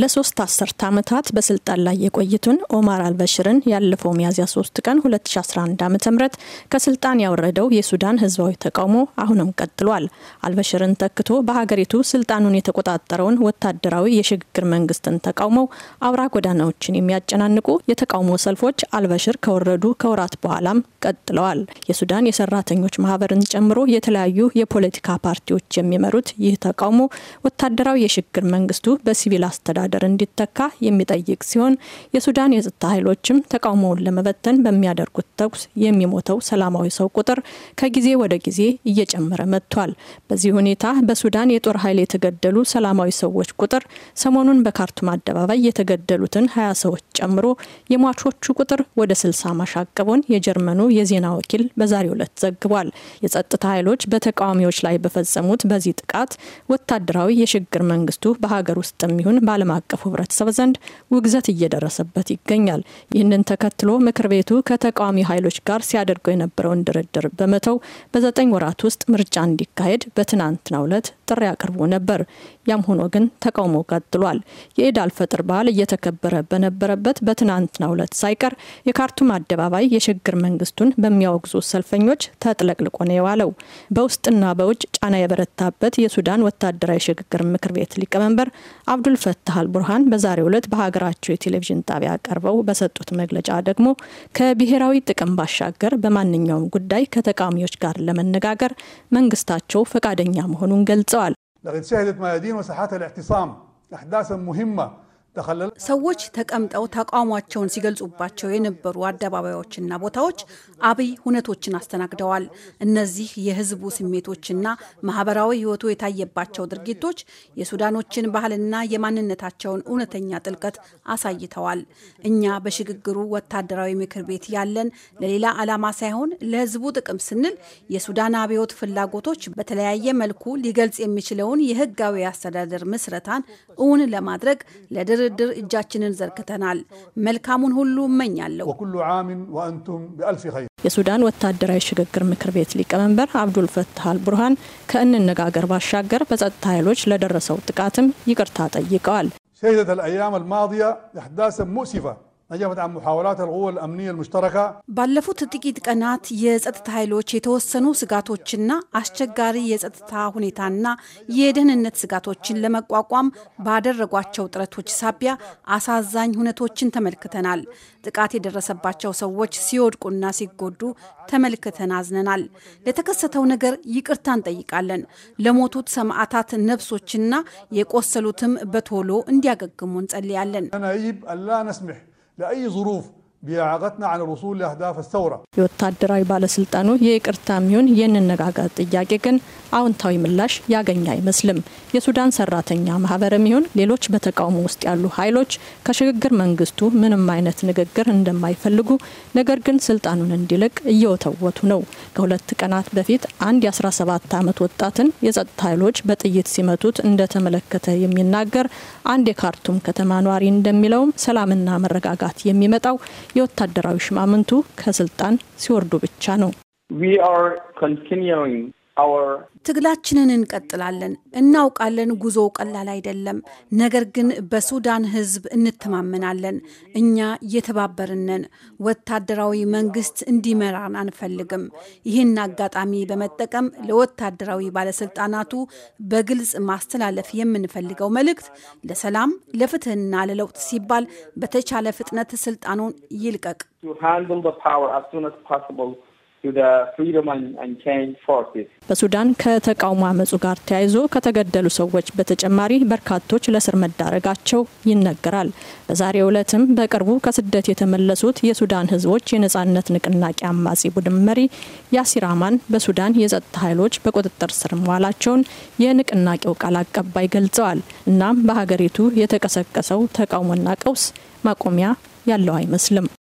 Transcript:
ለሶስት አስርተ ዓመታት በስልጣን ላይ የቆይቱን ኦማር አልበሽርን ያለፈው ሚያዝያ 3 ቀን 2011 ዓ ም ከስልጣን ያወረደው የሱዳን ህዝባዊ ተቃውሞ አሁንም ቀጥሏል። አልበሽርን ተክቶ በሀገሪቱ ስልጣኑን የተቆጣጠረውን ወታደራዊ የሽግግር መንግስትን ተቃውመው አውራ ጎዳናዎችን የሚያጨናንቁ የተቃውሞ ሰልፎች አልበሽር ከወረዱ ከወራት በኋላም ቀጥለዋል። የሱዳን የሰራተኞች ማህበርን ጨምሮ የተለያዩ የፖለቲካ ፓርቲዎች የሚመሩት ይህ ተቃውሞ ወታደራዊ የሽግግር መንግስቱ በሲቪል አስተዳደ አስተዳደር እንዲተካ የሚጠይቅ ሲሆን የሱዳን የጸጥታ ኃይሎችም ተቃውሞውን ለመበተን በሚያደርጉት ተኩስ የሚሞተው ሰላማዊ ሰው ቁጥር ከጊዜ ወደ ጊዜ እየጨመረ መጥቷል። በዚህ ሁኔታ በሱዳን የጦር ኃይል የተገደሉ ሰላማዊ ሰዎች ቁጥር ሰሞኑን በካርቱም አደባባይ የተገደሉትን ሀያ ሰዎች ጨምሮ የሟቾቹ ቁጥር ወደ ስልሳ ማሻቀቡን የጀርመኑ የዜና ወኪል በዛሬው ዕለት ዘግቧል። የጸጥታ ኃይሎች በተቃዋሚዎች ላይ በፈጸሙት በዚህ ጥቃት ወታደራዊ የሽግግር መንግስቱ በሀገር ውስጥ የሚሆን በዓለም አቀፉ ህብረተሰብ ዘንድ ውግዘት እየደረሰበት ይገኛል። ይህንን ተከትሎ ምክር ቤቱ ከተቃዋሚ ኃይሎች ጋር ሲያደርገው የነበረውን ድርድር በመተው በዘጠኝ ወራት ውስጥ ምርጫ እንዲካሄድ በትናንትናው ዕለት ጥሪ አቅርቦ ነበር። ያም ሆኖ ግን ተቃውሞ ቀጥሏል። የኢድ አልፈጥር በዓል እየተከበረ በነበረበት በትናንትናው ዕለት ሳይቀር የካርቱም አደባባይ የሽግግር መንግስቱን በሚያወግዙ ሰልፈኞች ተጥለቅልቆ ነው የዋለው። በውስጥና በውጭ ጫና የበረታበት የሱዳን ወታደራዊ ሽግግር ምክር ቤት ሊቀመንበር አብዱል ፈታህ ሳህል ቡርሃን በዛሬው ዕለት በሀገራቸው የቴሌቪዥን ጣቢያ ቀርበው በሰጡት መግለጫ ደግሞ ከብሔራዊ ጥቅም ባሻገር በማንኛውም ጉዳይ ከተቃዋሚዎች ጋር ለመነጋገር መንግስታቸው ፈቃደኛ መሆኑን ገልጸዋል። ሰዎች ተቀምጠው ተቃውሟቸውን ሲገልጹባቸው የነበሩ አደባባዮችና ቦታዎች አብይ ሁነቶችን አስተናግደዋል። እነዚህ የህዝቡ ስሜቶችና ማህበራዊ ህይወቱ የታየባቸው ድርጊቶች የሱዳኖችን ባህልና የማንነታቸውን እውነተኛ ጥልቀት አሳይተዋል። እኛ በሽግግሩ ወታደራዊ ምክር ቤት ያለን ለሌላ ዓላማ ሳይሆን ለህዝቡ ጥቅም ስንል የሱዳን አብዮት ፍላጎቶች በተለያየ መልኩ ሊገልጽ የሚችለውን የህጋዊ አስተዳደር ምስረታን እውን ለማድረግ ለድር ድርድር እጃችንን ዘርግተናል። መልካሙን ሁሉ እመኛለሁ። የሱዳን ወታደራዊ ሽግግር ምክር ቤት ሊቀመንበር አብዱል ፈታህ አል ቡርሃን ከእንነጋገር ባሻገር በጸጥታ ኃይሎች ለደረሰው ጥቃትም ይቅርታ ጠይቀዋል። ባለፉት ጥቂት ቀናት የጸጥታ ኃይሎች የተወሰኑ ስጋቶችና አስቸጋሪ የጸጥታ ሁኔታና የደህንነት ስጋቶችን ለመቋቋም ባደረጓቸው ጥረቶች ሳቢያ አሳዛኝ ሁነቶችን ተመልክተናል። ጥቃት የደረሰባቸው ሰዎች ሲወድቁና ሲጎዱ ተመልክተን አዝነናል። ለተከሰተው ነገር ይቅርታ እንጠይቃለን። ለሞቱት ሰማዕታት ነፍሶችና የቆሰሉትም በቶሎ እንዲያገግሙ እንጸልያለን። لأي ظروف بإعاقتنا عن الوصول لأهداف الثورة የወታደራዊ ባለስልጣኑ የይቅርታ የሚሆን የንነጋገር ጥያቄ ግን አዎንታዊ ምላሽ ያገኘ አይመስልም። የሱዳን ሰራተኛ ማህበርም ይሁን ሌሎች በተቃውሞ ውስጥ ያሉ ኃይሎች ከሽግግር መንግስቱ ምንም አይነት ንግግር እንደማይፈልጉ፣ ነገር ግን ስልጣኑን እንዲለቅ እየወተወቱ ነው። ከሁለት ቀናት በፊት አንድ የ17 ዓመት ወጣትን የጸጥታ ኃይሎች በጥይት ሲመቱት እንደተመለከተ የሚናገር አንድ የካርቱም ከተማ ኗሪ እንደሚለውም ሰላምና መረጋጋት የሚመጣው የወታደራዊ ሽማምንቱ ከስልጣን ሲወርዱ ብቻ ነው። ትግላችንን እንቀጥላለን። እናውቃለን ጉዞው ቀላል አይደለም። ነገር ግን በሱዳን ሕዝብ እንተማመናለን። እኛ የተባበርነን ወታደራዊ መንግስት እንዲመራን አንፈልግም። ይህን አጋጣሚ በመጠቀም ለወታደራዊ ባለስልጣናቱ በግልጽ ማስተላለፍ የምንፈልገው መልእክት ለሰላም ለፍትህና ለለውጥ ሲባል በተቻለ ፍጥነት ስልጣኑን ይልቀቅ። በሱዳን ከተቃውሞ አመፁ ጋር ተያይዞ ከተገደሉ ሰዎች በተጨማሪ በርካቶች ለእስር መዳረጋቸው ይነገራል። በዛሬው ዕለትም በቅርቡ ከስደት የተመለሱት የሱዳን ህዝቦች የነጻነት ንቅናቄ አማጺ ቡድን መሪ ያሲር አማን በሱዳን የጸጥታ ኃይሎች በቁጥጥር ስር መዋላቸውን የንቅናቄው ቃል አቀባይ ገልጸዋል። እናም በሀገሪቱ የተቀሰቀሰው ተቃውሞና ቀውስ ማቆሚያ ያለው አይመስልም።